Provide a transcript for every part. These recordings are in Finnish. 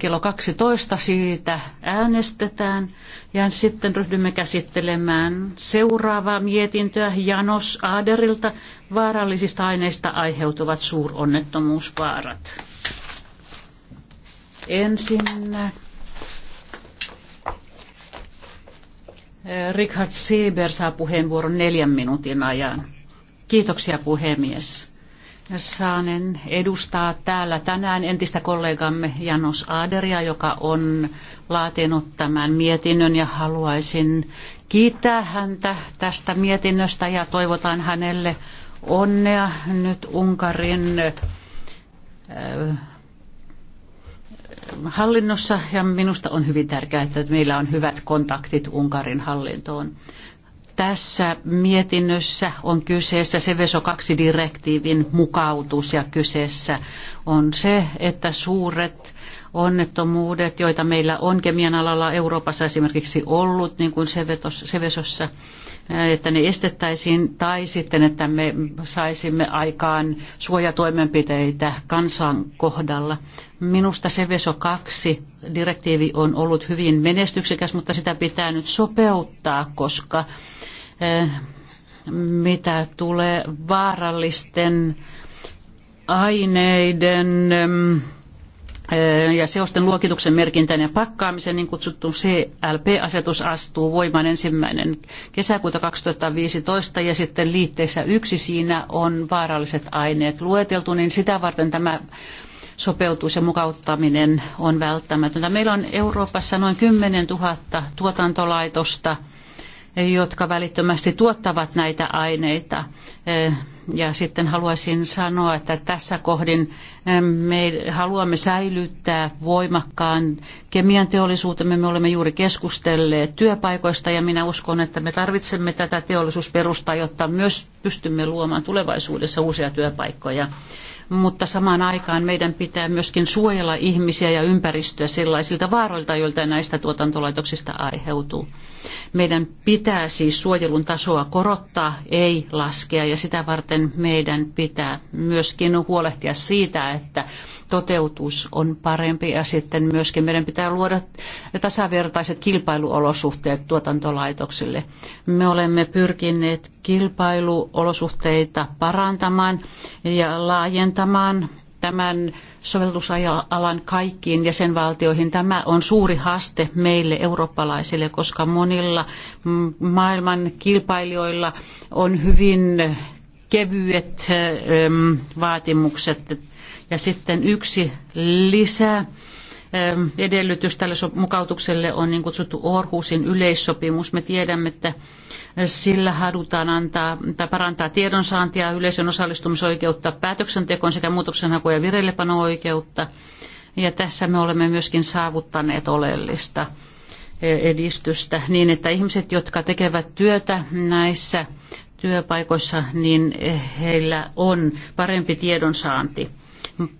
kello 12 siitä äänestetään ja sitten ryhdymme käsittelemään seuraavaa mietintöä Janos Aderilta vaarallisista aineista aiheutuvat suuronnettomuusvaarat. Ensin eh, Richard Sieber saa puheenvuoron neljän minuutin ajan. Kiitoksia puhemies. Saanen edustaa täällä tänään entistä kollegamme Janos Aderia, joka on laatinut tämän mietinnön ja haluaisin kiittää häntä tästä mietinnöstä ja toivotan hänelle onnea nyt Unkarin äh, hallinnossa ja minusta on hyvin tärkeää, että meillä on hyvät kontaktit Unkarin hallintoon. Tässä mietinnössä on kyseessä Seveso 2-direktiivin mukautus ja kyseessä on se, että suuret onnettomuudet, joita meillä on kemian alalla Euroopassa esimerkiksi ollut, niin kuin Sevesossa, että ne estettäisiin, tai sitten, että me saisimme aikaan suojatoimenpiteitä kansan kohdalla. Minusta Seveso 2 direktiivi on ollut hyvin menestyksekäs, mutta sitä pitää nyt sopeuttaa, koska eh, mitä tulee vaarallisten aineiden ja seosten luokituksen merkintään ja pakkaamisen niin kutsuttu CLP-asetus astuu voimaan ensimmäinen kesäkuuta 2015 ja sitten liitteessä yksi siinä on vaaralliset aineet lueteltu, niin sitä varten tämä sopeutus ja mukauttaminen on välttämätöntä. Meillä on Euroopassa noin 10 000 tuotantolaitosta, jotka välittömästi tuottavat näitä aineita. Ja sitten haluaisin sanoa, että tässä kohdin me haluamme säilyttää voimakkaan kemian teollisuutemme. Me olemme juuri keskustelleet työpaikoista ja minä uskon, että me tarvitsemme tätä teollisuusperustaa, jotta myös pystymme luomaan tulevaisuudessa uusia työpaikkoja mutta samaan aikaan meidän pitää myöskin suojella ihmisiä ja ympäristöä sellaisilta vaaroilta, joilta näistä tuotantolaitoksista aiheutuu. Meidän pitää siis suojelun tasoa korottaa, ei laskea, ja sitä varten meidän pitää myöskin huolehtia siitä, että toteutus on parempi ja sitten myöskin meidän pitää luoda tasavertaiset kilpailuolosuhteet tuotantolaitoksille. Me olemme pyrkineet kilpailuolosuhteita parantamaan ja laajentamaan tämän sovellusalan kaikkiin jäsenvaltioihin. Tämä on suuri haaste meille eurooppalaisille, koska monilla maailman kilpailijoilla on hyvin kevyet ähm, vaatimukset. Ja sitten yksi lisää ähm, edellytys tälle mukautukselle on niin kutsuttu Orhusin yleissopimus. Me tiedämme, että sillä halutaan antaa tai parantaa tiedonsaantia, yleisön osallistumisoikeutta päätöksentekoon sekä muutoksenhaku- ja vireillepano-oikeutta. Ja tässä me olemme myöskin saavuttaneet oleellista äh, edistystä niin, että ihmiset, jotka tekevät työtä näissä työpaikoissa, niin heillä on parempi tiedonsaanti.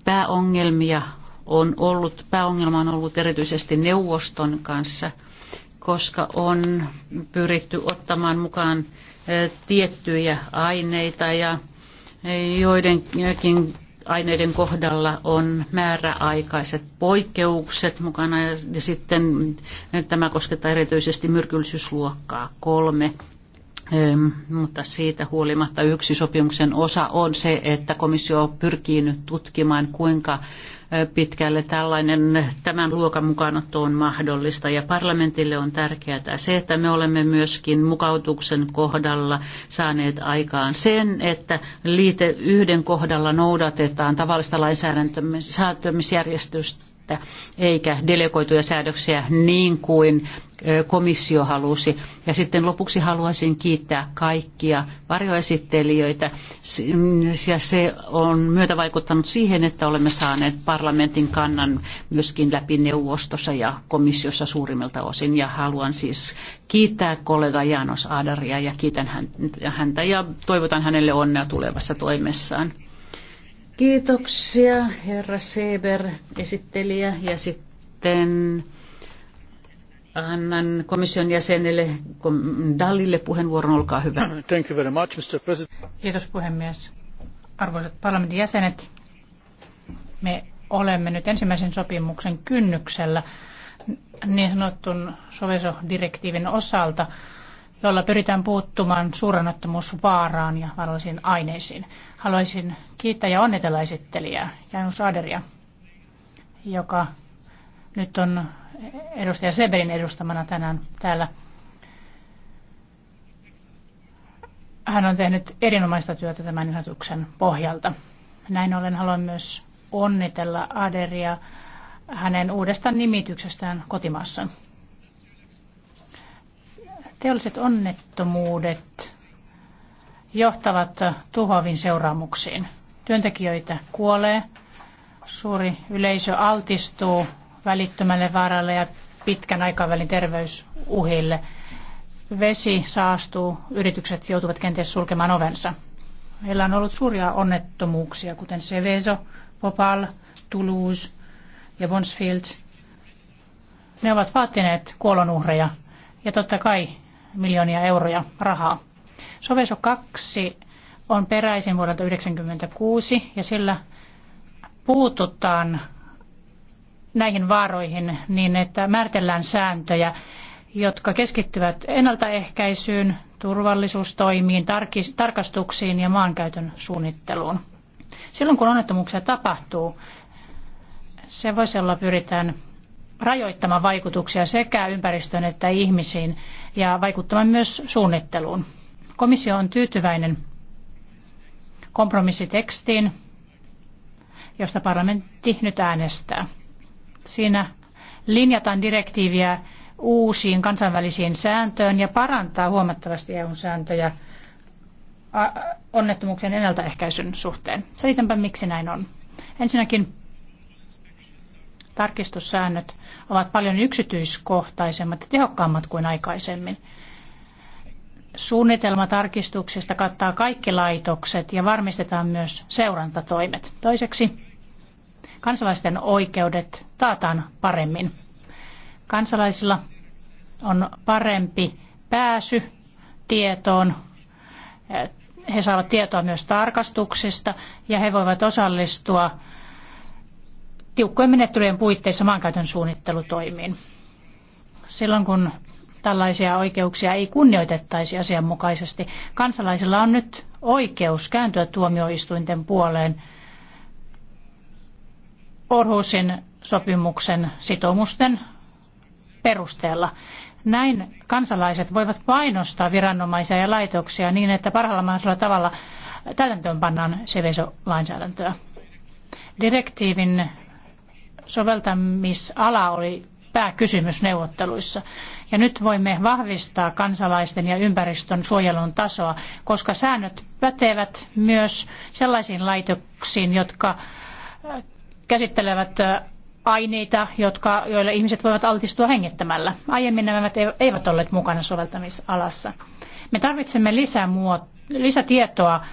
Pääongelmia on ollut, pääongelma on ollut erityisesti neuvoston kanssa, koska on pyritty ottamaan mukaan eh, tiettyjä aineita ja joidenkin aineiden kohdalla on määräaikaiset poikkeukset mukana ja sitten tämä koskettaa erityisesti myrkyllisyysluokkaa kolme mutta siitä huolimatta yksi sopimuksen osa on se, että komissio pyrkii nyt tutkimaan, kuinka pitkälle tällainen tämän luokan mukaanotto on mahdollista. Ja parlamentille on tärkeää se, että me olemme myöskin mukautuksen kohdalla saaneet aikaan sen, että liite yhden kohdalla noudatetaan tavallista lainsäädäntömisjärjestystä että eikä delegoituja säädöksiä niin kuin komissio halusi. Ja sitten lopuksi haluaisin kiittää kaikkia varjoesittelijöitä. Mm, ja se on myötä vaikuttanut siihen, että olemme saaneet parlamentin kannan myöskin läpi neuvostossa ja komissiossa suurimmilta osin. Ja haluan siis kiittää kollega Janos Adaria ja kiitän häntä ja toivotan hänelle onnea tulevassa toimessaan. Kiitoksia herra Seber esittelijä ja sitten annan komission jäsenelle Dallille puheenvuoron, olkaa hyvä. Thank you very much, Mr. President. Kiitos puhemies. Arvoisat parlamentin jäsenet, me olemme nyt ensimmäisen sopimuksen kynnyksellä niin sanotun sovesodirektiivin osalta, jolla pyritään puuttumaan suurannottomuusvaaraan ja vaarallisiin aineisiin. Haluaisin kiittää ja onnitella esittelijää Janus Aderia, joka nyt on edustaja Seberin edustamana tänään täällä. Hän on tehnyt erinomaista työtä tämän ehdotuksen pohjalta. Näin ollen haluan myös onnitella Aderia hänen uudesta nimityksestään kotimaassa. Teolliset onnettomuudet johtavat tuhoaviin seuraamuksiin. Työntekijöitä kuolee, suuri yleisö altistuu välittömälle vaaralle ja pitkän aikavälin terveysuhille. Vesi saastuu, yritykset joutuvat kenties sulkemaan ovensa. Meillä on ollut suuria onnettomuuksia, kuten Seveso, Popal, Toulouse ja Bonsfield. Ne ovat vaatineet kuolonuhreja ja totta kai miljoonia euroja rahaa. Soveso 2 on peräisin vuodelta 1996 ja sillä puututaan näihin vaaroihin niin, että määritellään sääntöjä, jotka keskittyvät ennaltaehkäisyyn, turvallisuustoimiin, tarkastuksiin ja maankäytön suunnitteluun. Silloin kun onnettomuuksia tapahtuu, se voisi olla pyritään rajoittamaan vaikutuksia sekä ympäristöön että ihmisiin ja vaikuttamaan myös suunnitteluun. Komissio on tyytyväinen kompromissitekstiin, josta parlamentti nyt äänestää. Siinä linjataan direktiiviä uusiin kansainvälisiin sääntöön ja parantaa huomattavasti EUn sääntöjä onnettomuuksien ennaltaehkäisyn suhteen. Selitänpä, miksi näin on. Ensinnäkin tarkistussäännöt ovat paljon yksityiskohtaisemmat ja tehokkaammat kuin aikaisemmin suunnitelma tarkistuksista kattaa kaikki laitokset ja varmistetaan myös seurantatoimet. Toiseksi kansalaisten oikeudet taataan paremmin. Kansalaisilla on parempi pääsy tietoon. He saavat tietoa myös tarkastuksista ja he voivat osallistua tiukkojen menettelyjen puitteissa maankäytön suunnittelutoimiin. Silloin kun tällaisia oikeuksia ei kunnioitettaisi asianmukaisesti. Kansalaisilla on nyt oikeus kääntyä tuomioistuinten puoleen Orhusin sopimuksen sitoumusten perusteella. Näin kansalaiset voivat painostaa viranomaisia ja laitoksia niin, että parhaalla mahdollisella tavalla täytäntöön pannaan Seveso-lainsäädäntöä. Direktiivin soveltamisala oli pääkysymys neuvotteluissa. Ja nyt voimme vahvistaa kansalaisten ja ympäristön suojelun tasoa, koska säännöt pätevät myös sellaisiin laitoksiin, jotka äh, käsittelevät äh, aineita, jotka, joille ihmiset voivat altistua hengittämällä. Aiemmin nämä eivät olleet mukana soveltamisalassa. Me tarvitsemme lisämuot, lisätietoa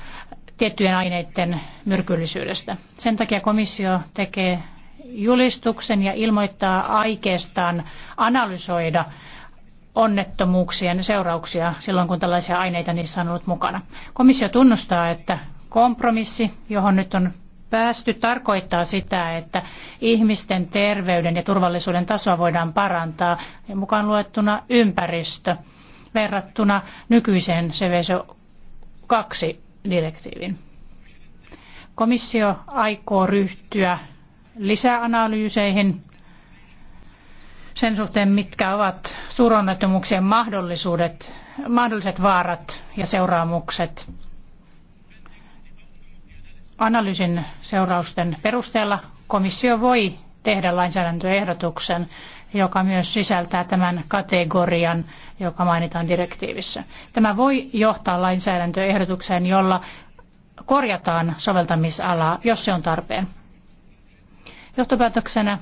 tiettyjen aineiden myrkyllisyydestä. Sen takia komissio tekee julistuksen ja ilmoittaa aikeestaan analysoida onnettomuuksien seurauksia silloin, kun tällaisia aineita niissä on ollut mukana. Komissio tunnustaa, että kompromissi, johon nyt on päästy, tarkoittaa sitä, että ihmisten terveyden ja turvallisuuden tasoa voidaan parantaa, mukaan luettuna ympäristö, verrattuna nykyiseen CVSO 2 direktiivin. Komissio aikoo ryhtyä lisäanalyyseihin sen suhteen, mitkä ovat suuronnettomuuksien mahdollisuudet, mahdolliset vaarat ja seuraamukset. Analyysin seurausten perusteella komissio voi tehdä lainsäädäntöehdotuksen, joka myös sisältää tämän kategorian, joka mainitaan direktiivissä. Tämä voi johtaa lainsäädäntöehdotukseen, jolla korjataan soveltamisalaa, jos se on tarpeen. Johtopäätöksenä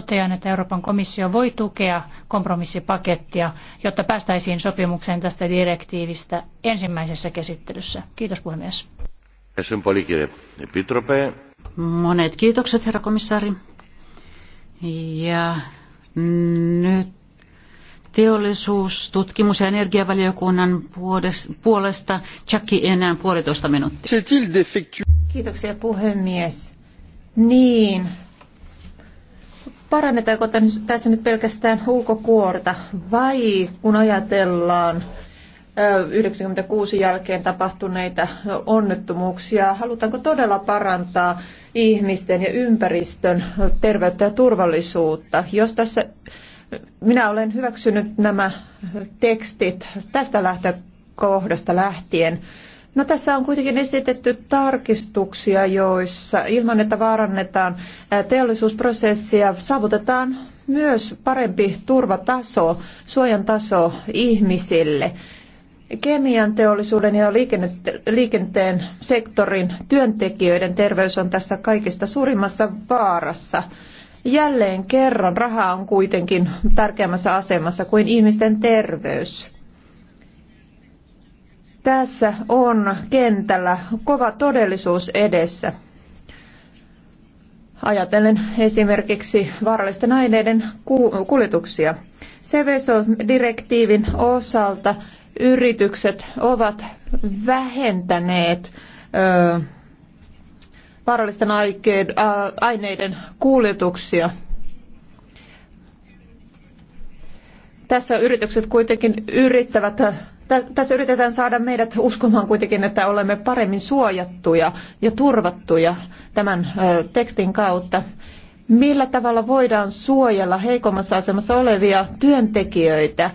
totean, että Euroopan komissio voi tukea kompromissipakettia, jotta päästäisiin sopimukseen tästä direktiivistä ensimmäisessä käsittelyssä. Kiitos puhemies. Monet kiitokset, herra komissaari. Ja nyt teollisuus, tutkimus- ja energiavaliokunnan puolesta Chucky enää puolitoista minuuttia. Kiitoksia puhemies. Niin, parannetaanko tässä nyt pelkästään ulkokuorta vai kun ajatellaan 96 jälkeen tapahtuneita onnettomuuksia, halutaanko todella parantaa ihmisten ja ympäristön terveyttä ja turvallisuutta? Jos tässä minä olen hyväksynyt nämä tekstit tästä lähtökohdasta lähtien, No tässä on kuitenkin esitetty tarkistuksia, joissa ilman että vaarannetaan teollisuusprosessia saavutetaan myös parempi turvataso, suojan taso ihmisille. Kemian teollisuuden ja liikenteen sektorin työntekijöiden terveys on tässä kaikista suurimmassa vaarassa. Jälleen kerran raha on kuitenkin tärkeämmässä asemassa kuin ihmisten terveys. Tässä on kentällä kova todellisuus edessä. Ajatellen esimerkiksi vaarallisten aineiden kuljetuksia. CVSO-direktiivin osalta yritykset ovat vähentäneet ö, vaarallisten aineiden kuljetuksia. Tässä yritykset kuitenkin yrittävät tässä yritetään saada meidät uskomaan kuitenkin, että olemme paremmin suojattuja ja turvattuja tämän tekstin kautta. Millä tavalla voidaan suojella heikommassa asemassa olevia työntekijöitä?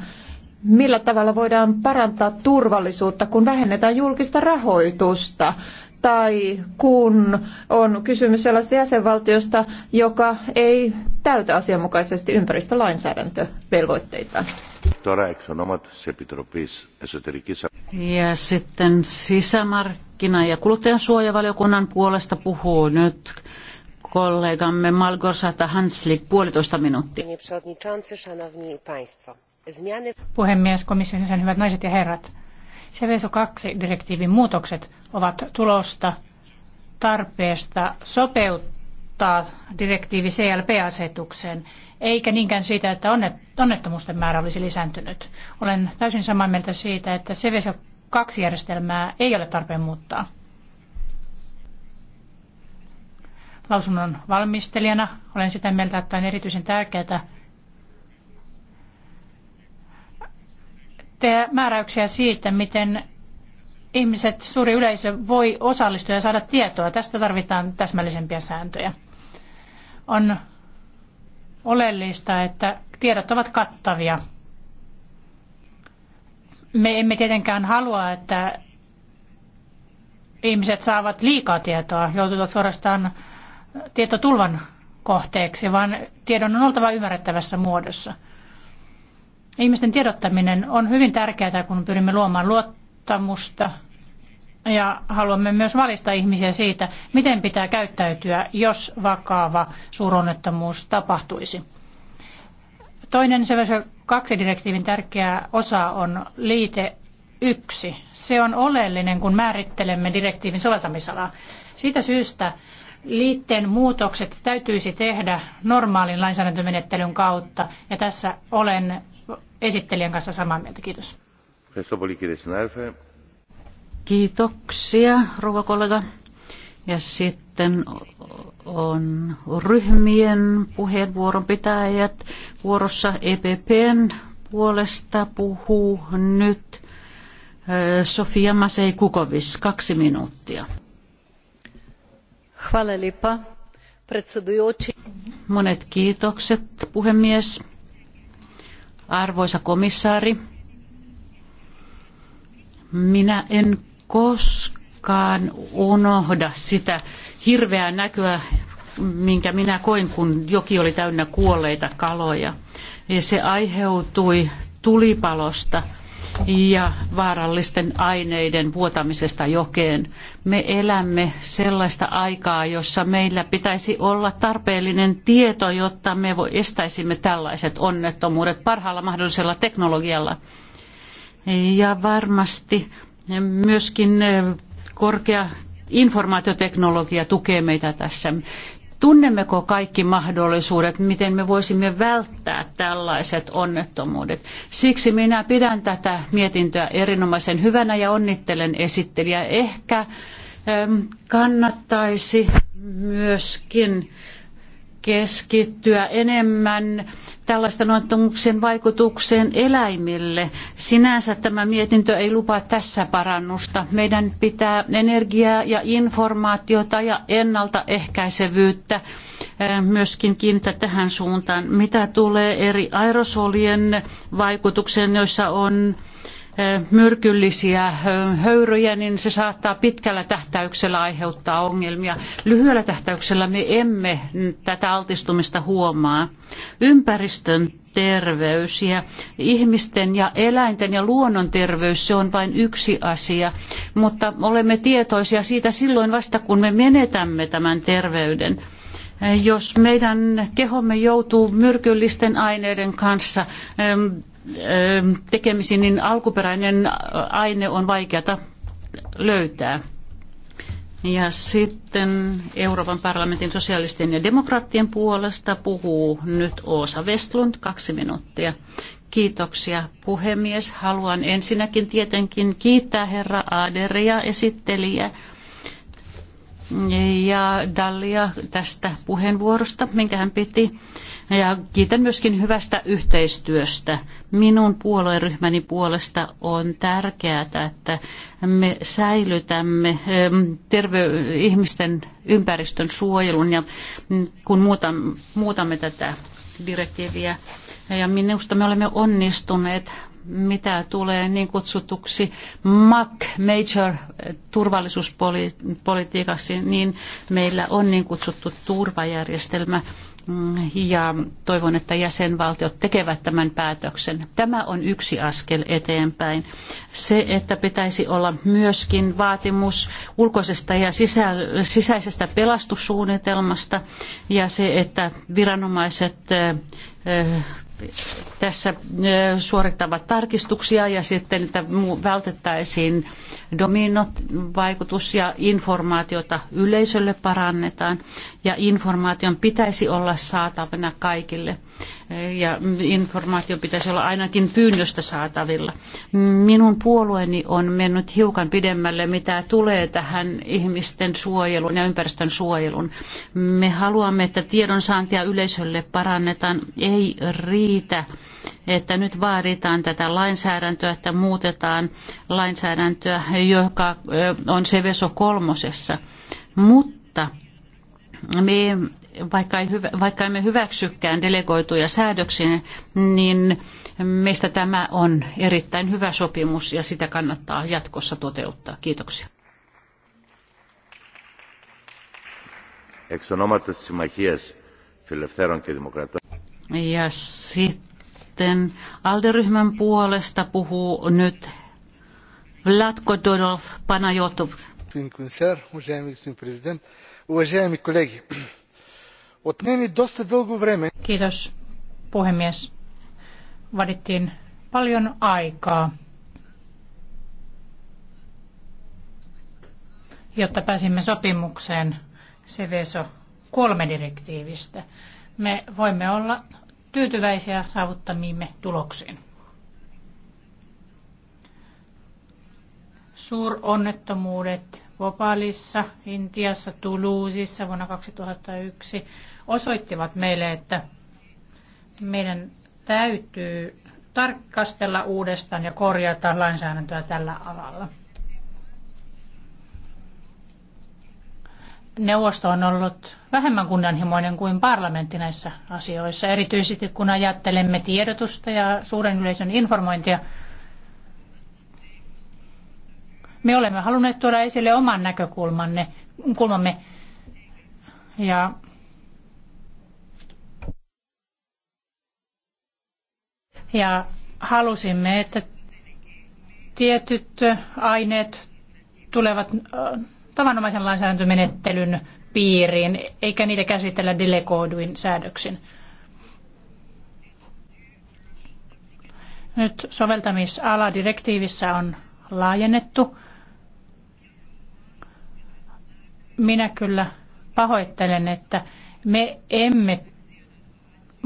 Millä tavalla voidaan parantaa turvallisuutta, kun vähennetään julkista rahoitusta? tai kun on kysymys sellaista jäsenvaltiosta, joka ei täytä asianmukaisesti ympäristölainsäädäntövelvoitteita. Ja sitten sisämarkkina- ja kuluttajansuojavaliokunnan puolesta puhuu nyt kollegamme Malgorzata Hanslik puolitoista minuuttia. Puhemies, komission jäsen, hyvät naiset ja herrat. Seveso 2-direktiivin muutokset ovat tulosta tarpeesta sopeuttaa direktiivi CLP-asetukseen, eikä niinkään siitä, että onnettomuusten määrä olisi lisääntynyt. Olen täysin samaa mieltä siitä, että Seveso 2-järjestelmää ei ole tarpeen muuttaa. Lausunnon valmistelijana olen sitä mieltä, että on erityisen tärkeää, tekstejä, määräyksiä siitä, miten ihmiset, suuri yleisö voi osallistua ja saada tietoa. Tästä tarvitaan täsmällisempiä sääntöjä. On oleellista, että tiedot ovat kattavia. Me emme tietenkään halua, että ihmiset saavat liikaa tietoa, joutuvat suorastaan tietotulvan kohteeksi, vaan tiedon on oltava ymmärrettävässä muodossa – Ihmisten tiedottaminen on hyvin tärkeää, kun pyrimme luomaan luottamusta ja haluamme myös valistaa ihmisiä siitä, miten pitää käyttäytyä, jos vakava suuronnettomuus tapahtuisi. Toinen Seveso kaksi direktiivin tärkeä osa on liite yksi. Se on oleellinen, kun määrittelemme direktiivin soveltamisalaa. Siitä syystä liitteen muutokset täytyisi tehdä normaalin lainsäädäntömenettelyn kautta, ja tässä olen esittelijän kanssa samaa mieltä. Kiitos. Kiitoksia, rouva kollega. Ja sitten on ryhmien puheenvuoron pitäjät. Vuorossa EPPn puolesta puhuu nyt Sofia Masei Kukovis, kaksi minuuttia. Hvala lipa, Monet kiitokset, puhemies. Arvoisa komissaari, minä en koskaan unohda sitä hirveää näkyä, minkä minä koin, kun joki oli täynnä kuolleita kaloja. Ja se aiheutui tulipalosta – ja vaarallisten aineiden vuotamisesta jokeen. Me elämme sellaista aikaa, jossa meillä pitäisi olla tarpeellinen tieto, jotta me estäisimme tällaiset onnettomuudet parhaalla mahdollisella teknologialla. Ja varmasti myöskin eh, korkea informaatioteknologia tukee meitä tässä. Tunnemmeko kaikki mahdollisuudet, miten me voisimme välttää tällaiset onnettomuudet? Siksi minä pidän tätä mietintöä erinomaisen hyvänä ja onnittelen esittelijää. Ehkä kannattaisi myöskin keskittyä enemmän tällaisten onnettomuuksien vaikutukseen eläimille. Sinänsä tämä mietintö ei lupaa tässä parannusta. Meidän pitää energiaa ja informaatiota ja ennaltaehkäisevyyttä myöskin kiinnittää tähän suuntaan. Mitä tulee eri aerosolien vaikutukseen, joissa on myrkyllisiä höyryjä, niin se saattaa pitkällä tähtäyksellä aiheuttaa ongelmia. Lyhyellä tähtäyksellä me emme tätä altistumista huomaa. Ympäristön terveys ja ihmisten ja eläinten ja luonnon terveys, se on vain yksi asia, mutta olemme tietoisia siitä silloin vasta, kun me menetämme tämän terveyden jos meidän kehomme joutuu myrkyllisten aineiden kanssa Ähm, tekemisiin, niin alkuperäinen aine on vaikeata löytää. Ja sitten Euroopan parlamentin sosialistien ja demokraattien puolesta puhuu nyt Oosa Westlund, kaksi minuuttia. Kiitoksia puhemies. Haluan ensinnäkin tietenkin kiittää herra Aderia esittelijä ja Dallia tästä puheenvuorosta, minkä hän piti. Ja kiitän myöskin hyvästä yhteistyöstä. Minun puolueryhmäni puolesta on tärkeää, että me säilytämme terve- ihmisten ympäristön suojelun ja kun muutamme tätä direktiiviä. Ja minusta me olemme onnistuneet mitä tulee niin kutsutuksi MAC, Major turvallisuuspolitiikaksi, niin meillä on niin kutsuttu turvajärjestelmä ja toivon, että jäsenvaltiot tekevät tämän päätöksen. Tämä on yksi askel eteenpäin. Se, että pitäisi olla myöskin vaatimus ulkoisesta ja sisäisestä pelastussuunnitelmasta ja se, että viranomaiset eh, tässä suorittavat tarkistuksia ja sitten, että vältettäisiin vaikutus ja informaatiota yleisölle parannetaan ja informaation pitäisi olla saatavana kaikille ja informaatio pitäisi olla ainakin pyynnöstä saatavilla. Minun puolueeni on mennyt hiukan pidemmälle, mitä tulee tähän ihmisten suojelun ja ympäristön suojelun. Me haluamme, että tiedonsaantia yleisölle parannetaan. Ei riitä että nyt vaaditaan tätä lainsäädäntöä, että muutetaan lainsäädäntöä, joka on Seveso kolmosessa. Mutta me vaikka, ei hyvä, vaikka emme hyväksykään delegoituja säädöksiä, niin meistä tämä on erittäin hyvä sopimus ja sitä kannattaa jatkossa toteuttaa. Kiitoksia. Εξ της Συμμαχίας Φιλελευθέρων και Δημοκρατών. Ja sitten Alderyhmän puolesta puhuu nyt Vlatko Dorov Panajotov. Уважаемый господин президент, уважаемые коллеги, Kiitos puhemies. Vadittiin paljon aikaa, jotta pääsimme sopimukseen Seveso kolme direktiivistä. Me voimme olla tyytyväisiä saavuttamiimme tuloksiin. Suuronnettomuudet, Bhopalissa, Intiassa, Tuluusissa vuonna 2001 osoittivat meille, että meidän täytyy tarkastella uudestaan ja korjata lainsäädäntöä tällä alalla. Neuvosto on ollut vähemmän kunnianhimoinen kuin parlamentti näissä asioissa, erityisesti kun ajattelemme tiedotusta ja suuren yleisön informointia – me olemme halunneet tuoda esille oman näkökulmanne, kulmamme. Ja Ja halusimme, että tietyt aineet tulevat tavanomaisen lainsäädäntömenettelyn piiriin, eikä niitä käsitellä delegoiduin säädöksin. Nyt soveltamisala direktiivissä on laajennettu. Minä kyllä pahoittelen, että me emme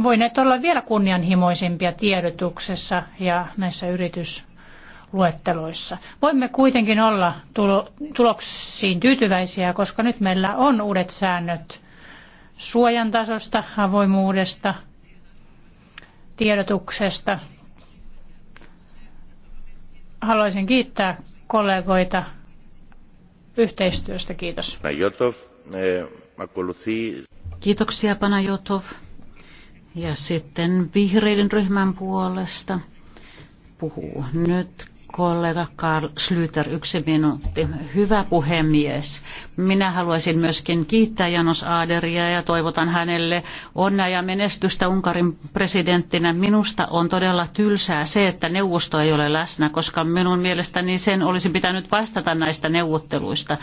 voineet olla vielä kunnianhimoisempia tiedotuksessa ja näissä yritysluetteloissa. Voimme kuitenkin olla tulo, tuloksiin tyytyväisiä, koska nyt meillä on uudet säännöt suojan tasosta, avoimuudesta, tiedotuksesta. Haluaisin kiittää kollegoita yhteistyöstä. Kiitos. Eh, Kiitoksia Panajotov. Ja sitten vihreiden ryhmän puolesta puhuu nyt kollega Karl Slyter, yksi minuutti. Hyvä puhemies. Minä haluaisin myöskin kiittää Janos Aderia ja toivotan hänelle onnea ja menestystä Unkarin presidenttinä. Minusta on todella tylsää se, että neuvosto ei ole läsnä, koska minun mielestäni sen olisi pitänyt vastata näistä neuvotteluista.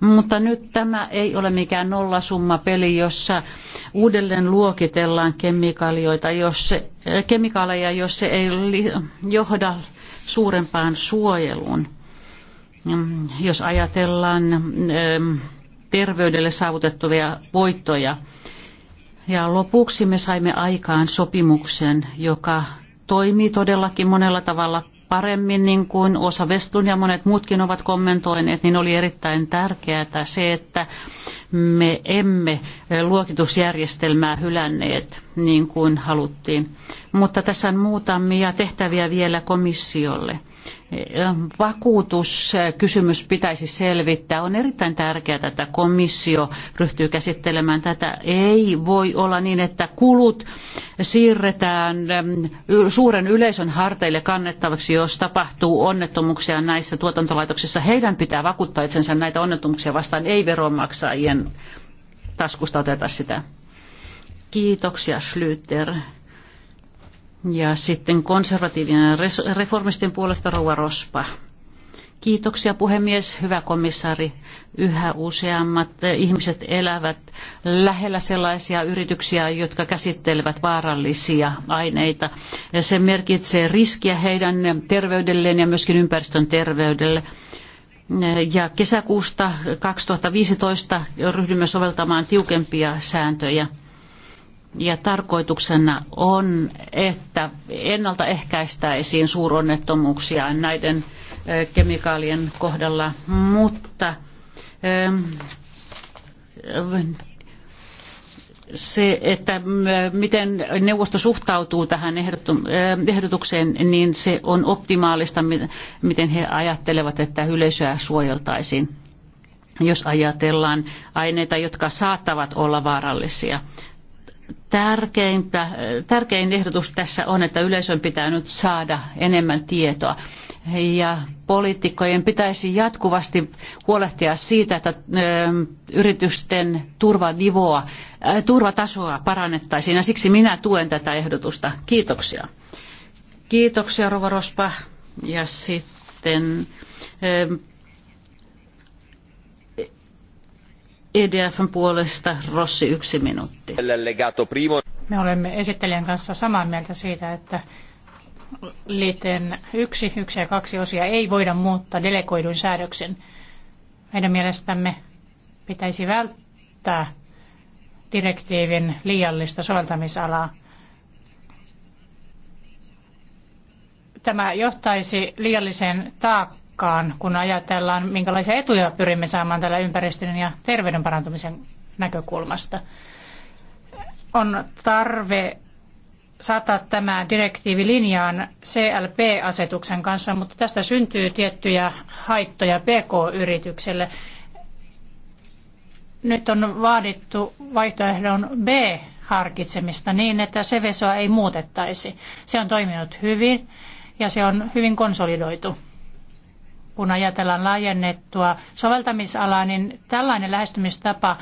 Mutta nyt tämä ei ole mikään nollasumma peli, jossa uudelleen luokitellaan kemikaalioita, jos se, kemikaaleja, jos se ei johda suurempaan suojeluun. Mm, jos ajatellaan mm, terveydelle saavutettavia voittoja. Ja lopuksi me saimme aikaan sopimuksen, joka toimii todellakin monella tavalla paremmin, niin kuin Osa Vestlun ja monet muutkin ovat kommentoineet, niin oli erittäin tärkeää se, että me emme luokitusjärjestelmää hylänneet niin kuin haluttiin. Mutta tässä on muutamia tehtäviä vielä komissiolle vakuutuskysymys pitäisi selvittää. On erittäin tärkeää, että komissio ryhtyy käsittelemään tätä. Ei voi olla niin, että kulut siirretään suuren yleisön harteille kannettavaksi, jos tapahtuu onnettomuuksia näissä tuotantolaitoksissa. Heidän pitää vakuuttaa itsensä näitä onnettomuuksia vastaan, ei veronmaksajien taskusta oteta sitä. Kiitoksia, Schlüter. Ja sitten konservatiivinen reformistin puolesta Rouva Rospa. Kiitoksia puhemies, hyvä komissaari. Yhä useammat eh, ihmiset elävät lähellä sellaisia yrityksiä, jotka käsittelevät vaarallisia aineita. Ja se merkitsee riskiä heidän terveydelleen ja myöskin ympäristön terveydelle. Ja kesäkuusta 2015 ryhdymme soveltamaan tiukempia sääntöjä ja tarkoituksena on, että ennaltaehkäistäisiin suuronnettomuuksia näiden kemikaalien kohdalla, mutta se, että miten neuvosto suhtautuu tähän ehdotukseen, niin se on optimaalista, miten he ajattelevat, että yleisöä suojeltaisiin, jos ajatellaan aineita, jotka saattavat olla vaarallisia tärkeintä, tärkein ehdotus tässä on, että yleisön pitää nyt saada enemmän tietoa. Ja poliitikkojen pitäisi jatkuvasti huolehtia siitä, että ähm, yritysten turvanivoa, äh, turvatasoa parannettaisiin. Ja siksi minä tuen tätä ehdotusta. Kiitoksia. Kiitoksia, Rova Rospa. Ja sitten ähm, EDFn puolesta Rossi yksi minuutti. Me olemme esittelijän kanssa samaa mieltä siitä, että liitteen yksi, yksi ja kaksi osia ei voida muuttaa delegoidun säädöksen. Meidän mielestämme pitäisi välttää direktiivin liiallista soveltamisalaa. Tämä johtaisi liialliseen taakkaan tarkkaan, kun ajatellaan, minkälaisia etuja pyrimme saamaan tällä ympäristön ja terveyden parantumisen näkökulmasta. On tarve saattaa tämä direktiivi linjaan CLP-asetuksen kanssa, mutta tästä syntyy tiettyjä haittoja PK-yritykselle. Nyt on vaadittu vaihtoehdon B-harkitsemista niin, että vesoa ei muutettaisi. Se on toiminut hyvin ja se on hyvin konsolidoitu kun ajatellaan laajennettua soveltamisalaa, niin tällainen lähestymistapa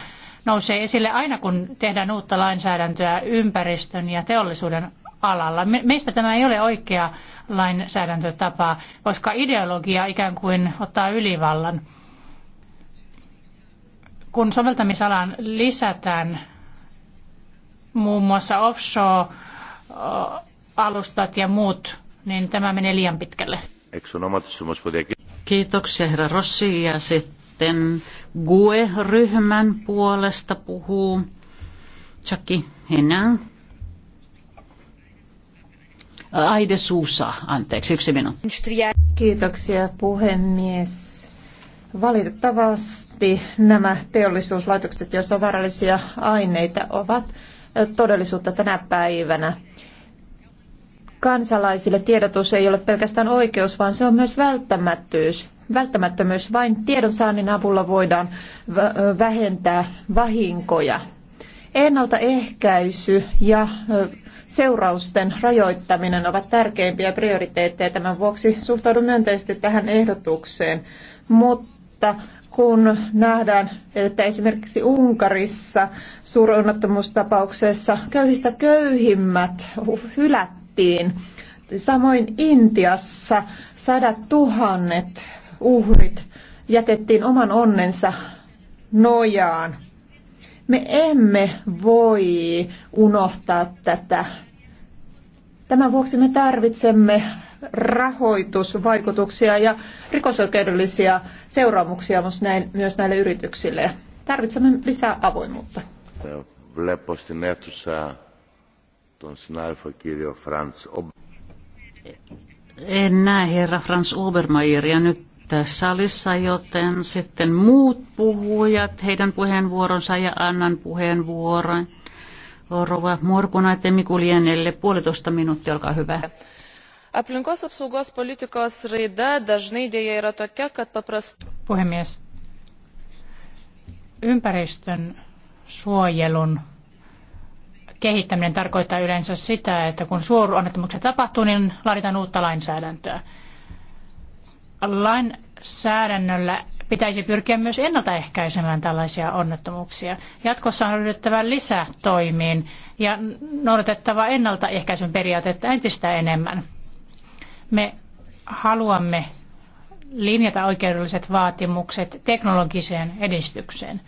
nousee esille aina, kun tehdään uutta lainsäädäntöä ympäristön ja teollisuuden alalla. Meistä tämä ei ole oikea lainsäädäntötapa, koska ideologia ikään kuin ottaa ylivallan. Kun soveltamisalaan lisätään muun muassa offshore-alustat ja muut, niin tämä menee liian pitkälle. Kiitoksia herra Rossi ja sitten GUE-ryhmän puolesta puhuu Chucky Henan. Aide Suusa, anteeksi, yksi minuutti. Kiitoksia puhemies. Valitettavasti nämä teollisuuslaitokset, joissa on vaarallisia aineita, ovat todellisuutta tänä päivänä kansalaisille tiedotus ei ole pelkästään oikeus, vaan se on myös välttämättömyys. Välttämättömyys vain tiedonsaannin avulla voidaan vähentää vahinkoja. Ennaltaehkäisy ja seurausten rajoittaminen ovat tärkeimpiä prioriteetteja. Tämän vuoksi suhtaudun myönteisesti tähän ehdotukseen. Mutta kun nähdään, että esimerkiksi Unkarissa suuronnettomuustapauksessa köyhistä köyhimmät hylät. Egyptiin. Samoin Intiassa sadat tuhannet uhrit jätettiin oman onnensa nojaan. Me emme voi unohtaa tätä. Tämän vuoksi me tarvitsemme rahoitusvaikutuksia ja rikosoikeudellisia seuraamuksia myös näille yrityksille. Tarvitsemme lisää avoimuutta. Βλέπω netussa. En näe herra Franz Obermeieria nyt salissa, joten sitten muut puhujat, heidän puheenvuoronsa ja annan puheenvuoron. Rova Morkunaiten Mikulienelle puolitoista minuuttia, olkaa hyvä Puhemies. Ympäristön suojelun kehittäminen tarkoittaa yleensä sitä, että kun suoruonnettomuuksia tapahtuu, niin laaditaan uutta lainsäädäntöä. Lainsäädännöllä pitäisi pyrkiä myös ennaltaehkäisemään tällaisia onnettomuuksia. Jatkossa on ryhdyttävä lisätoimiin ja noudatettava ennaltaehkäisyn periaatetta entistä enemmän. Me haluamme linjata oikeudelliset vaatimukset teknologiseen edistykseen.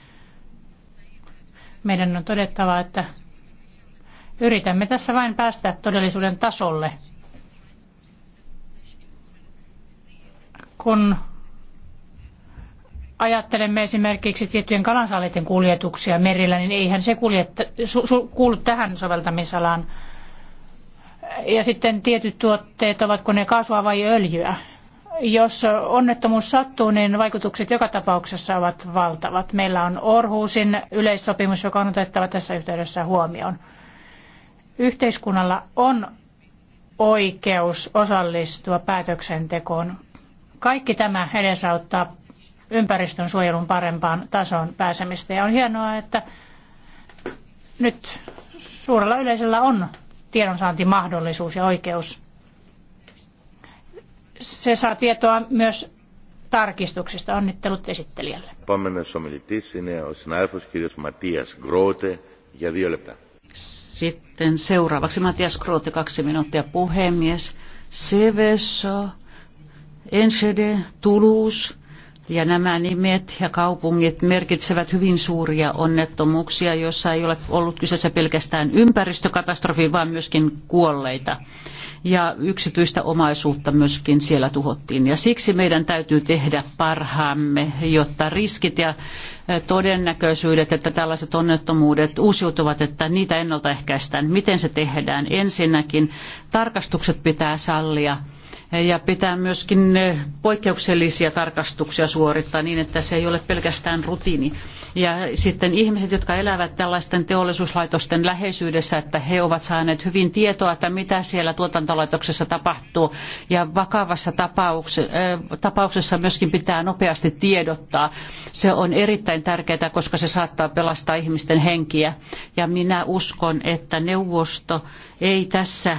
Meidän on todettava, että Yritämme tässä vain päästä todellisuuden tasolle. Kun ajattelemme esimerkiksi tiettyjen kalansaaleiden kuljetuksia merillä, niin eihän se kuljetta, su, su, kuulu tähän soveltamisalaan. Ja sitten tietyt tuotteet, ovatko ne kaasua vai öljyä. Jos onnettomuus sattuu, niin vaikutukset joka tapauksessa ovat valtavat. Meillä on Orhuusin yleissopimus, joka on otettava tässä yhteydessä huomioon. Yhteiskunnalla on oikeus osallistua päätöksentekoon. Kaikki tämä edesauttaa ympäristön suojelun parempaan tasoon pääsemistä. Ja on hienoa, että nyt suurella yleisöllä on tiedonsaantimahdollisuus ja oikeus. Se saa tietoa myös tarkistuksista. Onnittelut esittelijälle. Pomenes ομιλητής είναι ο συνάδελφος κύριος Ματίας sitten seuraavaksi Matias Kroote, kaksi minuuttia puhemies. Seveso, Enschede, Toulouse, ja nämä nimet ja kaupungit merkitsevät hyvin suuria onnettomuuksia, joissa ei ole ollut kyseessä pelkästään ympäristökatastrofi, vaan myöskin kuolleita. Ja yksityistä omaisuutta myöskin siellä tuhottiin. Ja siksi meidän täytyy tehdä parhaamme, jotta riskit ja eh, todennäköisyydet, että tällaiset onnettomuudet uusiutuvat, että niitä ennaltaehkäistään. Miten se tehdään? Ensinnäkin tarkastukset pitää sallia ja pitää myöskin eh, poikkeuksellisia tarkastuksia suorittaa niin, että se ei ole pelkästään rutiini. Ja sitten ihmiset, jotka elävät tällaisten teollisuuslaitosten läheisyydessä, että he ovat saaneet hyvin tietoa, että mitä siellä tuotantolaitoksessa tapahtuu. Ja vakavassa eh, tapauksessa, myöskin pitää nopeasti tiedottaa. Se on erittäin tärkeää, koska se saattaa pelastaa ihmisten henkiä. Ja minä uskon, että neuvosto ei tässä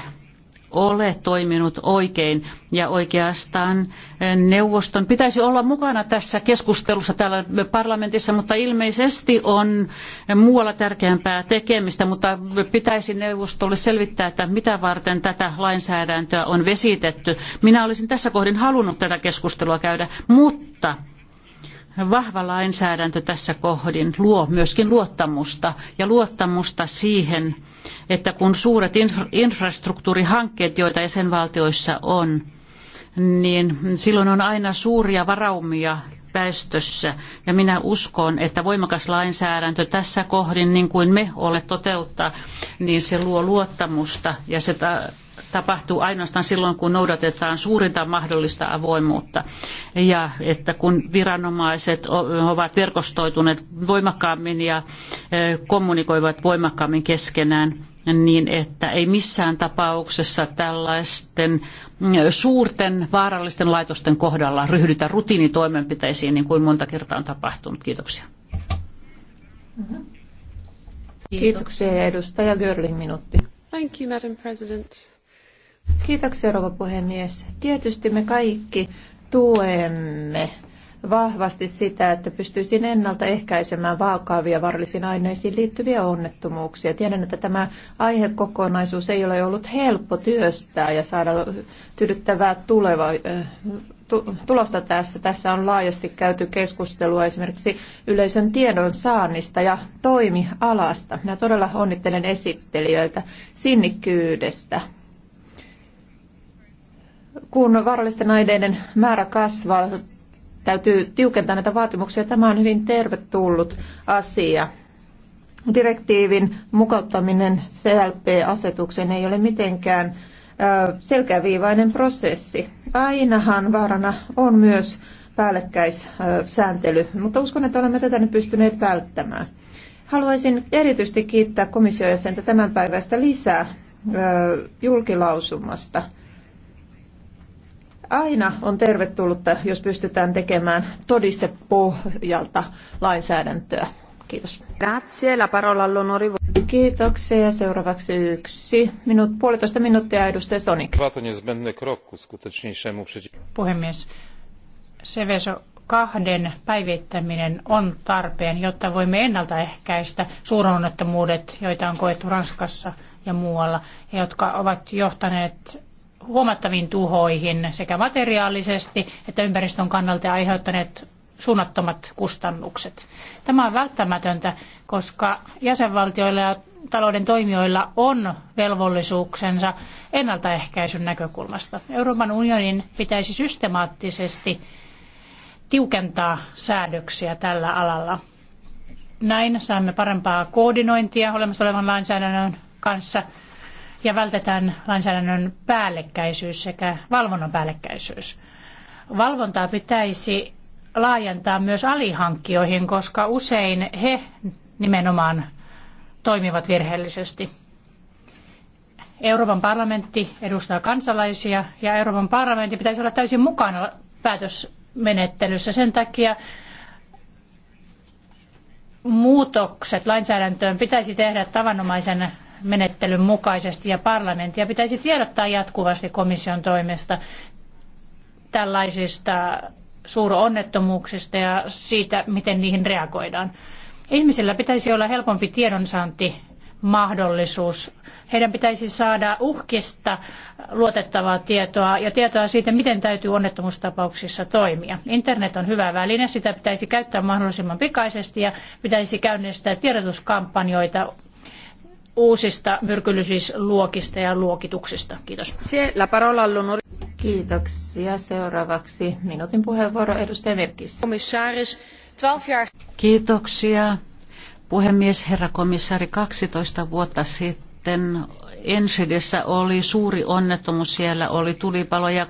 ole toiminut oikein. Ja oikeastaan eh, neuvoston pitäisi olla mukana tässä keskustelussa täällä parlamentissa, mutta ilmeisesti on muualla tärkeämpää tekemistä, mutta pitäisi neuvostolle selvittää, että mitä varten tätä lainsäädäntöä on vesitetty. Minä olisin tässä kohdin halunnut tätä keskustelua käydä, mutta vahva lainsäädäntö tässä kohdin luo myöskin luottamusta ja luottamusta siihen, että kun suuret infrastruktuurihankkeet, joita jäsenvaltioissa on, niin silloin on aina suuria varaumia väestössä. Ja minä uskon, että voimakas lainsäädäntö tässä kohdin, niin kuin me olemme toteuttaa, niin se luo luottamusta ja se tapahtuu ainoastaan silloin, kun noudatetaan suurinta mahdollista avoimuutta ja että kun viranomaiset ovat verkostoituneet voimakkaammin ja e, kommunikoivat voimakkaammin keskenään, niin että ei missään tapauksessa tällaisten e, suurten vaarallisten laitosten kohdalla ryhdytä rutiinitoimenpiteisiin, niin kuin monta kertaa on tapahtunut. Kiitoksia. Kiitoksia. Kiitoksia edustaja Görling minuutti. Thank you, Madam President. Kiitoksia, rouva puhemies. Tietysti me kaikki tuemme vahvasti sitä, että pystyisin ennaltaehkäisemään vaakavia varallisiin aineisiin liittyviä onnettomuuksia. Tiedän, että tämä aihekokonaisuus ei ole ollut helppo työstää ja saada tyydyttävää tuleva, äh, tulosta tässä. Tässä on laajasti käyty keskustelua esimerkiksi yleisön tiedon saannista ja toimialasta. Minä todella onnittelen esittelijöitä sinnikkyydestä kun vaarallisten aineiden määrä kasvaa, täytyy tiukentaa näitä vaatimuksia. Tämä on hyvin tervetullut asia. Direktiivin mukauttaminen CLP-asetukseen ei ole mitenkään selkäviivainen prosessi. Ainahan vaarana on myös päällekkäissääntely, mutta uskon, että olemme tätä nyt pystyneet välttämään. Haluaisin erityisesti kiittää komission jäsentä päivästä lisää julkilausumasta – aina on tervetullutta, jos pystytään tekemään todistepohjalta lainsäädäntöä. Kiitos. Grazie, la parola all'onorevole. Kiitoksia. Seuraavaksi yksi minuut, puolitoista minuuttia edustaja Sonik. Puhemies, Seveso kahden päivittäminen on tarpeen, jotta voimme ennaltaehkäistä suuronnettomuudet, joita on koettu Ranskassa ja muualla, ja jotka ovat johtaneet huomattaviin tuhoihin sekä materiaalisesti että ympäristön kannalta ja aiheuttaneet suunnattomat kustannukset. Tämä on välttämätöntä, koska jäsenvaltioilla ja talouden toimijoilla on velvollisuuksensa ennaltaehkäisyn näkökulmasta. Euroopan unionin pitäisi systemaattisesti tiukentaa säädöksiä tällä alalla. Näin saamme parempaa koordinointia olemassa olevan lainsäädännön kanssa – ja vältetään lainsäädännön päällekkäisyys sekä valvonnan päällekkäisyys. Valvontaa pitäisi laajentaa myös alihankkijoihin, koska usein he nimenomaan toimivat virheellisesti. Euroopan parlamentti edustaa kansalaisia ja Euroopan parlamentti pitäisi olla täysin mukana päätösmenettelyssä. Sen takia muutokset lainsäädäntöön pitäisi tehdä tavanomaisen menettelyn mukaisesti ja parlamenttia pitäisi tiedottaa jatkuvasti komission toimesta tällaisista suuronnettomuuksista ja siitä, miten niihin reagoidaan. Ihmisillä pitäisi olla helpompi tiedonsaanti mahdollisuus. Heidän pitäisi saada uhkista luotettavaa tietoa ja tietoa siitä, miten täytyy onnettomuustapauksissa toimia. Internet on hyvä väline, sitä pitäisi käyttää mahdollisimman pikaisesti ja pitäisi käynnistää tiedotuskampanjoita uusista myrkyllisyysluokista ja luokituksista. Kiitos. Siellä parola all'onore. Kiitoksia. Seuraavaksi minuutin puheenvuoro edustaja Virkis. Commissaris, 12 jaar... Kiitoksia. Puhemies, herra komissaari, 12 vuotta sitten Enschedessä oli suuri onnettomuus, siellä oli tulipalo ja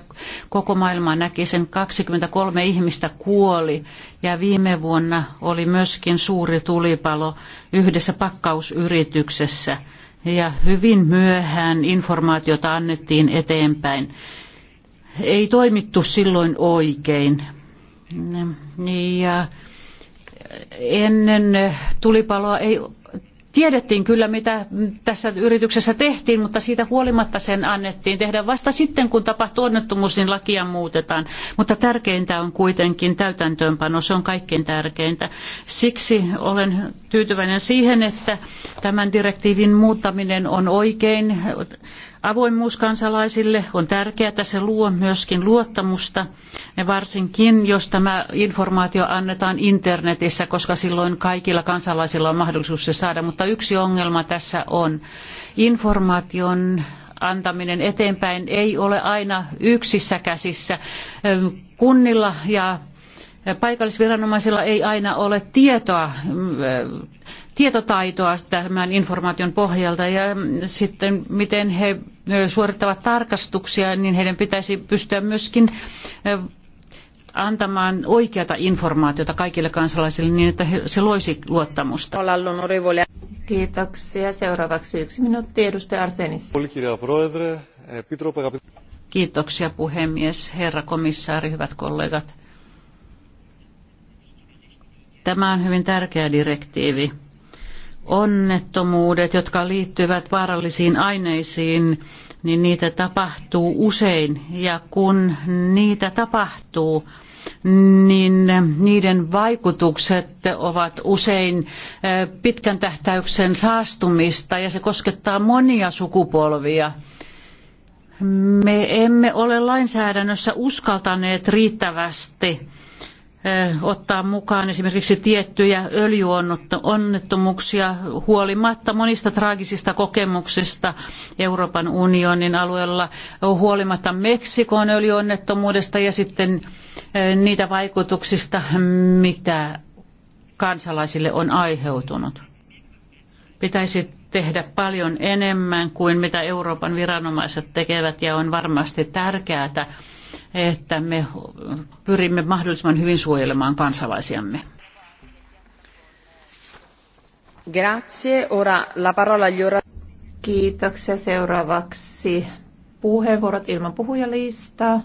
koko maailma näki sen. 23 ihmistä kuoli ja viime vuonna oli myöskin suuri tulipalo yhdessä pakkausyrityksessä ja hyvin myöhään informaatiota annettiin eteenpäin. Ei toimittu silloin oikein. Ja ennen tulipaloa ei Tiedettiin kyllä, mitä tässä yrityksessä tehtiin, mutta siitä huolimatta sen annettiin tehdä vasta sitten, kun tapahtui onnettomuus, niin lakia muutetaan. Mutta tärkeintä on kuitenkin täytäntöönpano, se on kaikkein tärkeintä. Siksi olen tyytyväinen siihen, että tämän direktiivin muuttaminen on oikein Avoimuus kansalaisille on tärkeää, että se luo myöskin luottamusta, ja varsinkin jos tämä informaatio annetaan internetissä, koska silloin kaikilla kansalaisilla on mahdollisuus se saada. Mutta yksi ongelma tässä on informaation antaminen eteenpäin ei ole aina yksissä käsissä. Kunnilla ja paikallisviranomaisilla ei aina ole tietoa tietotaitoa tämän informaation pohjalta ja sitten miten he suorittavat tarkastuksia, niin heidän pitäisi pystyä myöskin antamaan oikeata informaatiota kaikille kansalaisille niin, että se loisi luottamusta. Kiitoksia. Seuraavaksi yksi minuutti edustaja Arsenis. Kiitoksia puhemies, herra komissaari, hyvät kollegat. Tämä on hyvin tärkeä direktiivi onnettomuudet, jotka liittyvät vaarallisiin aineisiin, niin niitä tapahtuu usein. Ja kun niitä tapahtuu, niin niiden vaikutukset ovat usein pitkän tähtäyksen saastumista ja se koskettaa monia sukupolvia. Me emme ole lainsäädännössä uskaltaneet riittävästi ottaa mukaan esimerkiksi tiettyjä öljyonnettomuuksia huolimatta monista traagisista kokemuksista Euroopan unionin alueella, huolimatta Meksikon öljyonnettomuudesta ja sitten niitä vaikutuksista, mitä kansalaisille on aiheutunut. Pitäisi tehdä paljon enemmän kuin mitä Euroopan viranomaiset tekevät ja on varmasti tärkeää, että että me pyrimme mahdollisimman hyvin suojelemaan kansalaisiamme. Grazie. Ora la parola ora... Kiitoksia. Seuraavaksi puheenvuorot ilman puhujalistaa.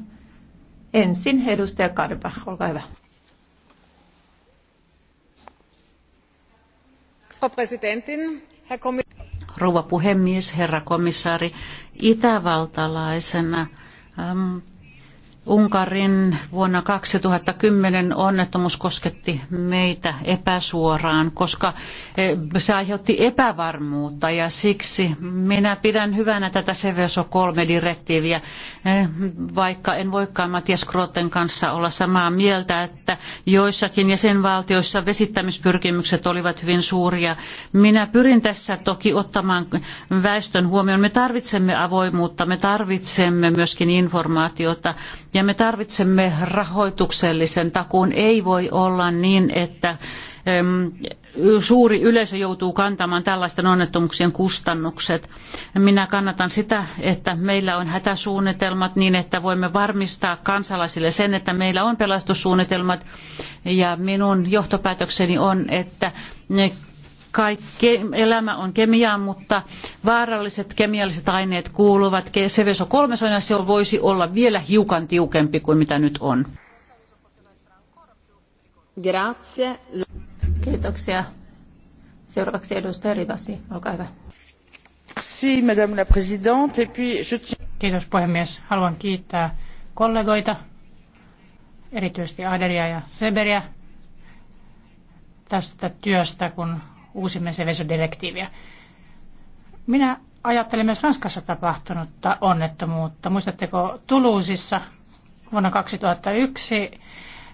Ensin edustaja Karpa, olkaa hyvä. rouva puhemies, herra komissaari, itävaltalaisena Unkarin vuonna 2010 onnettomuus kosketti meitä epäsuoraan, koska e, se aiheutti epävarmuutta ja siksi minä pidän hyvänä tätä Seveso 3-direktiiviä, e, vaikka en voikaan Matias Kroten kanssa olla samaa mieltä, että joissakin jäsenvaltioissa vesittämispyrkimykset olivat hyvin suuria. Minä pyrin tässä toki ottamaan väestön huomioon. Me tarvitsemme avoimuutta, me tarvitsemme myöskin informaatiota ja me tarvitsemme rahoituksellisen takuun. Ei voi olla niin, että suuri yleisö joutuu kantamaan tällaisten onnettomuuksien kustannukset. Minä kannatan sitä, että meillä on hätäsuunnitelmat niin, että voimme varmistaa kansalaisille sen, että meillä on pelastussuunnitelmat. Ja minun johtopäätökseni on, että kaikki elämä on kemiaa, mutta vaaralliset kemialliset aineet kuuluvat Seveso kolmesona. Se voisi olla vielä hiukan tiukempi kuin mitä nyt on. Grazie. Kiitoksia. Seuraavaksi edustaja Rivasi, olkaa hyvä. Si, madame la présidente, et puis je ti. Kiitos puhemies. Haluan kiittää kollegoita, erityisesti Aderia ja Seberia tästä työstä, kun uusimme se direktiiviä Minä ajattelen myös Ranskassa tapahtunutta onnettomuutta. Muistatteko Tuluusissa vuonna 2001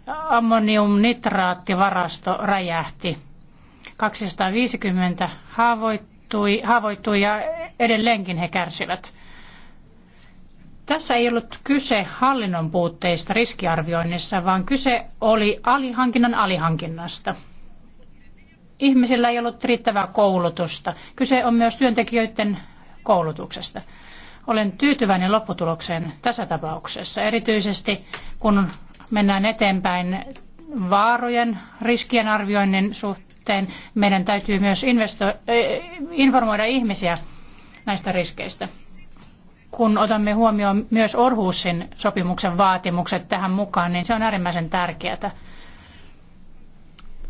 ammoniumnitraattivarasto räjähti. 250 haavoittui, haavoittui ja edelleenkin he kärsivät. Tässä ei ollut kyse hallinnon puutteista riskiarvioinnissa, vaan kyse oli alihankinnan alihankinnasta ihmisillä ei ollut riittävää koulutusta. Kyse on myös työntekijöiden koulutuksesta. Olen tyytyväinen lopputulokseen tässä tapauksessa, erityisesti kun mennään eteenpäin vaarojen riskien arvioinnin suhteen. Meidän täytyy myös investo- eh, informoida ihmisiä näistä riskeistä. Kun otamme huomioon myös Orhusin sopimuksen vaatimukset tähän mukaan, niin se on äärimmäisen tärkeää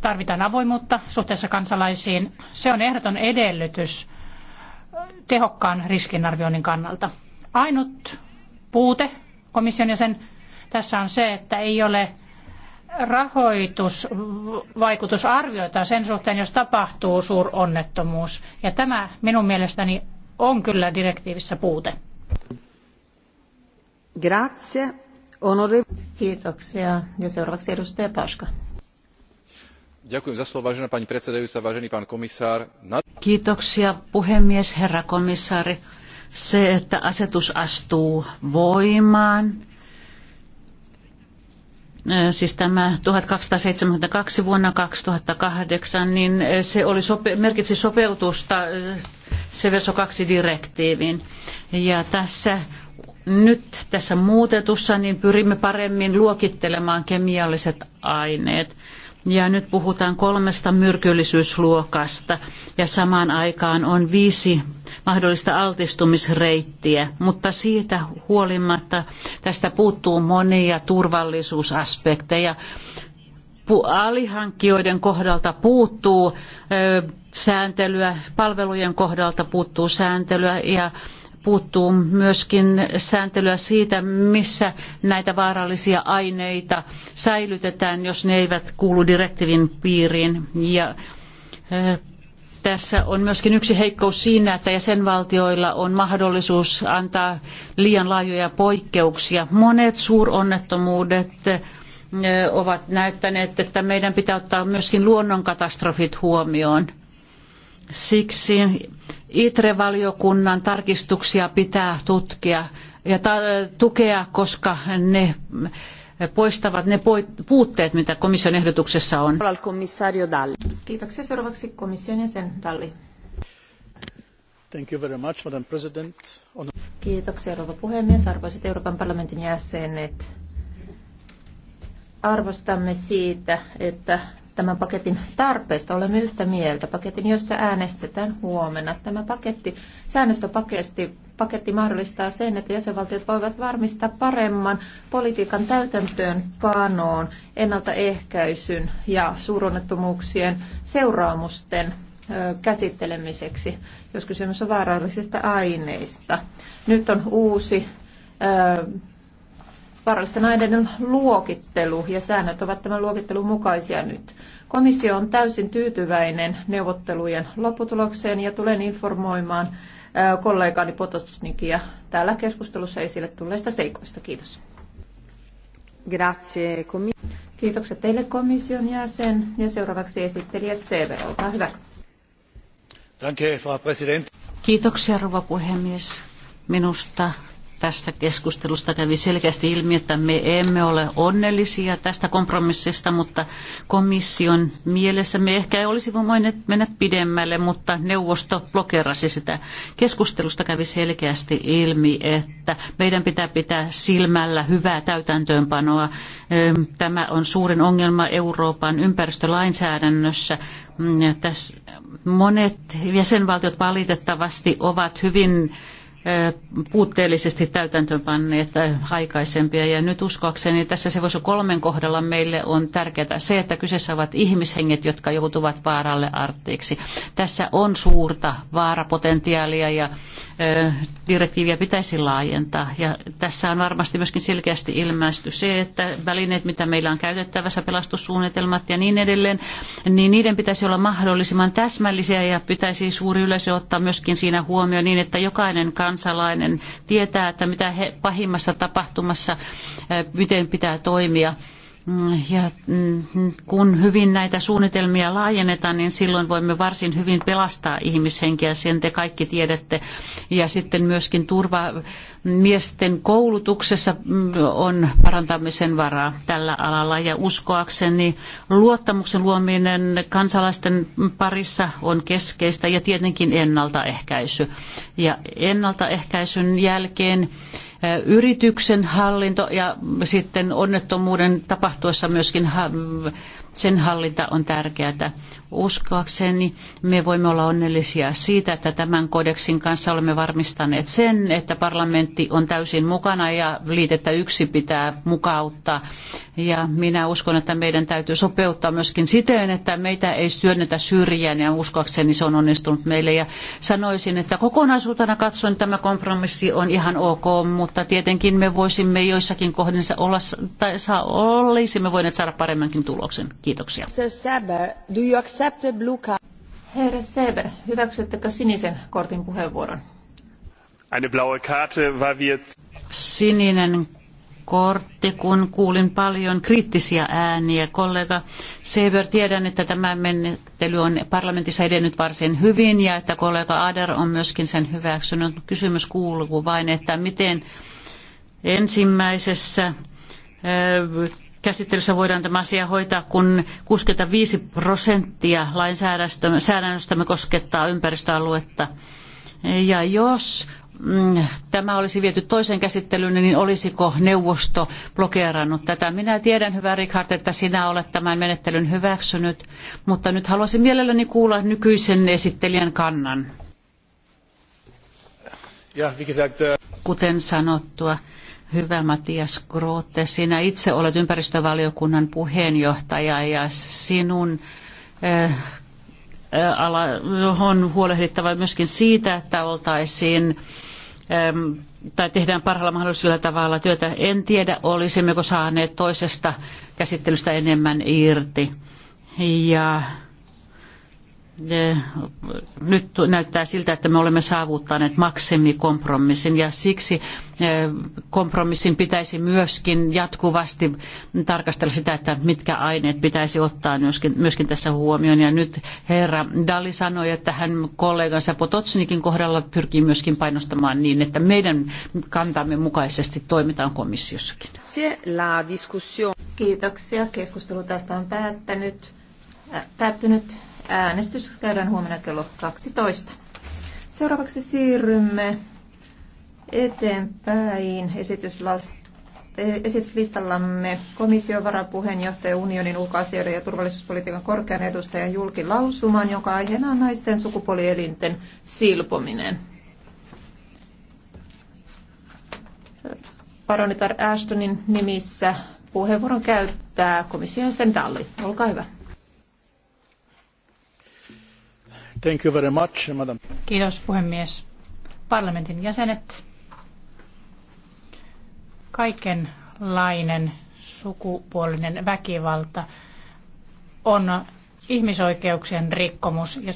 Tarvitaan avoimuutta suhteessa kansalaisiin. Se on ehdoton edellytys tehokkaan riskinarvioinnin kannalta. Ainut puute komission jäsen tässä on se, että ei ole rahoitusvaikutusarvioita sen suhteen, jos tapahtuu suuronnettomuus. Ja tämä minun mielestäni on kyllä direktiivissä puute. Grazie. Onore. Kiitoksia. Ja seuraavaksi edustaja Paska. Kiitoksia puhemies, herra komissaari. Se, että asetus astuu voimaan, eh, siis tämä kaksisataaseitsemänkymmentäkaksi vuonna 2008, niin se oli sope- merkitsi sopeutusta eh, Seveso 2-direktiiviin. Ja tässä nyt tässä muutetussa niin pyrimme paremmin luokittelemaan kemialliset aineet ja nyt puhutaan kolmesta myrkyllisyysluokasta ja samaan aikaan on viisi mahdollista altistumisreittiä, mutta siitä huolimatta tästä puuttuu monia turvallisuusaspekteja alihankkijoiden kohdalta puuttuu sääntelyä, palvelujen kohdalta puuttuu sääntelyä ja puuttuu myöskin sääntelyä siitä, missä näitä vaarallisia aineita säilytetään, jos ne eivät kuulu direktiivin piiriin. Ja, tässä on myöskin yksi heikkous siinä, että jäsenvaltioilla on mahdollisuus antaa liian laajoja poikkeuksia. Monet suuronnettomuudet ovat näyttäneet, että meidän pitää ottaa myöskin luonnonkatastrofit huomioon. Siksi ITRE-valiokunnan tarkistuksia pitää tutkia ja tukea, koska ne poistavat ne puutteet, mitä komission ehdotuksessa on. Kiitoksia. Seuraavaksi komission jäsen Dalli. Thank you very much, Madam President. On... Kiitoksia, rouva puhemies, arvoisat Euroopan parlamentin jäsenet. Arvostamme siitä, että tämän paketin tarpeesta olemme yhtä mieltä. Paketin, josta äänestetään huomenna. Tämä paketti, säännöstöpaketti paketti mahdollistaa sen, että jäsenvaltiot voivat varmistaa paremman politiikan täytäntöön panoon, ennaltaehkäisyn ja suuronnettomuuksien seuraamusten käsittelemiseksi, jos kysymys on vaarallisista aineista. Nyt on uusi vaarallisten aineiden luokittelu ja säännöt ovat tämän luokittelun mukaisia nyt. Komissio on täysin tyytyväinen neuvottelujen lopputulokseen ja tulen informoimaan kollegaani Potosnikia täällä keskustelussa esille tulleista seikoista. Kiitos. Grazie, komi- Kiitokset teille komission jäsen ja seuraavaksi esittelijä Sever, olkaa hyvä. Danke, Frau Kiitoksia, rouva puhemies. Minusta tästä keskustelusta kävi selkeästi ilmi, että me emme ole onnellisia tästä kompromissista, mutta komission mielessä me ehkä olisi voineet mennä pidemmälle, mutta neuvosto blokerasi sitä. Keskustelusta kävi selkeästi ilmi, että meidän pitää pitää silmällä hyvää täytäntöönpanoa. Tämä on suurin ongelma Euroopan ympäristölainsäädännössä. Mm, tässä monet jäsenvaltiot valitettavasti ovat hyvin puutteellisesti täytäntöönpanneet aikaisempia. Ja nyt uskoakseni tässä se voisi kolmen kohdalla meille on tärkeää se, että kyseessä ovat ihmishenget, jotka joutuvat vaaralle arttiiksi. Tässä on suurta vaarapotentiaalia ja direktiiviä pitäisi laajentaa. Ja tässä on varmasti myöskin selkeästi ilmaistu se, että välineet, mitä meillä on käytettävässä, pelastussuunnitelmat ja niin edelleen, niin niiden pitäisi olla mahdollisimman täsmällisiä ja pitäisi suuri yleisö ottaa myöskin siinä huomioon niin, että jokainen kansalainen tietää, että mitä he pahimmassa tapahtumassa, miten pitää toimia. Mm, ja mm, kun hyvin näitä suunnitelmia laajennetaan, niin silloin voimme varsin hyvin pelastaa ihmishenkiä, sen te kaikki tiedätte. Ja sitten myöskin turva Miesten koulutuksessa mm, on parantamisen varaa tällä alalla ja uskoakseni luottamuksen luominen kansalaisten parissa on keskeistä ja tietenkin ennaltaehkäisy. Ja ennaltaehkäisyn jälkeen eh, yrityksen hallinto ja sitten onnettomuuden tapahtuessa myöskin sen hallinta on tärkeää. Uskoakseni me voimme olla onnellisia siitä, että tämän kodeksin kanssa olemme varmistaneet sen, että parlamentti on täysin mukana ja liitettä yksi pitää mukauttaa. Ja minä uskon, että meidän täytyy sopeuttaa myöskin siten, että meitä ei syönnetä syrjään ja uskoakseni se on onnistunut meille. Ja sanoisin, että kokonaisuutena katsoen tämä kompromissi on ihan ok, mutta tietenkin me voisimme joissakin kohdissa olla, tai saa, olisimme voineet saada paremmankin tuloksen. Kiitoksia. Herra Seber, hyväksyttekö sinisen kortin puheenvuoron? Eine blaue Karte weil wir... Sininen kortti, kun kuulin paljon kriittisiä ääniä. Kollega Seber, tiedän, että tämä menettely on parlamentissa edennyt varsin hyvin ja että kollega Ader on myöskin sen hyväksynyt. Kysymys kuuluu vain, että miten ensimmäisessä käsittelyssä voidaan tämä asia hoitaa, kun 65 prosenttia lainsäädännöstämme koskettaa ympäristöaluetta. Ja jos mm, tämä olisi viety toiseen käsittelyyn, niin olisiko neuvosto blokeerannut tätä? Minä tiedän, hyvä Richard, että sinä olet tämän menettelyn hyväksynyt, mutta nyt haluaisin mielelläni kuulla nykyisen esittelijän kannan. Äh, Kuten sanottua, Hyvä Matias Grote, sinä itse olet ympäristövaliokunnan puheenjohtaja ja sinun äh, ala, on huolehdittava myöskin siitä, että oltaisiin tai tehdään parhaalla mahdollisella tavalla työtä. En tiedä, olisimmeko saaneet toisesta käsittelystä enemmän irti. Ja nyt näyttää siltä, että me olemme saavuttaneet maksimikompromissin ja siksi eh, kompromissin pitäisi myöskin jatkuvasti tarkastella sitä, että mitkä aineet pitäisi ottaa myöskin, myöskin tässä huomioon. Ja nyt herra Dalli sanoi, että hän kollegansa Potocnikin kohdalla pyrkii myöskin painostamaan niin, että meidän kantamme mukaisesti toimitaan komissiossakin. Kiitoksia. Keskustelu tästä on päättänyt. Äh, päättynyt. Äänestys käydään huomenna kello 12. Seuraavaksi siirrymme eteenpäin eh, esityslistallamme komission varapuheenjohtaja unionin ulkoasioiden ja turvallisuuspolitiikan korkean edustajan julkilausuman, joka aiheena on naisten sukupuolielinten silpominen. Paronitar Ashtonin nimissä puheenvuoron käyttää komission sen Dalli. Olkaa hyvä. Thank you very much, madam. Kiitos puhemies. Parlamentin jäsenet, kaikenlainen sukupuolinen väkivalta on ihmisoikeuksien rikkomus ja